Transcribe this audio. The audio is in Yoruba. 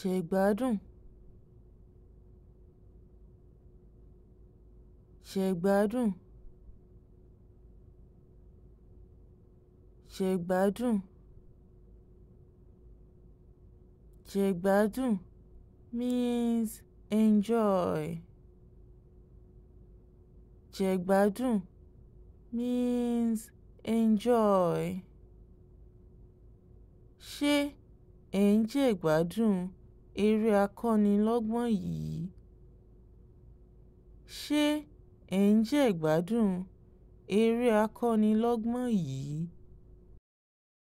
ṣègbádùn ṣègbádùn ṣègbádùn ṣègbádùn means enjoy ṣègbádùn means enjoy ṣé ẹ̀ ń jẹ̀gbádùn eré akọ́nilọ́gbọ́n yìí. Ṣé ẹ̀ ń jẹ ìgbádùn eré akọ́nilọ́gbọ́n yìí?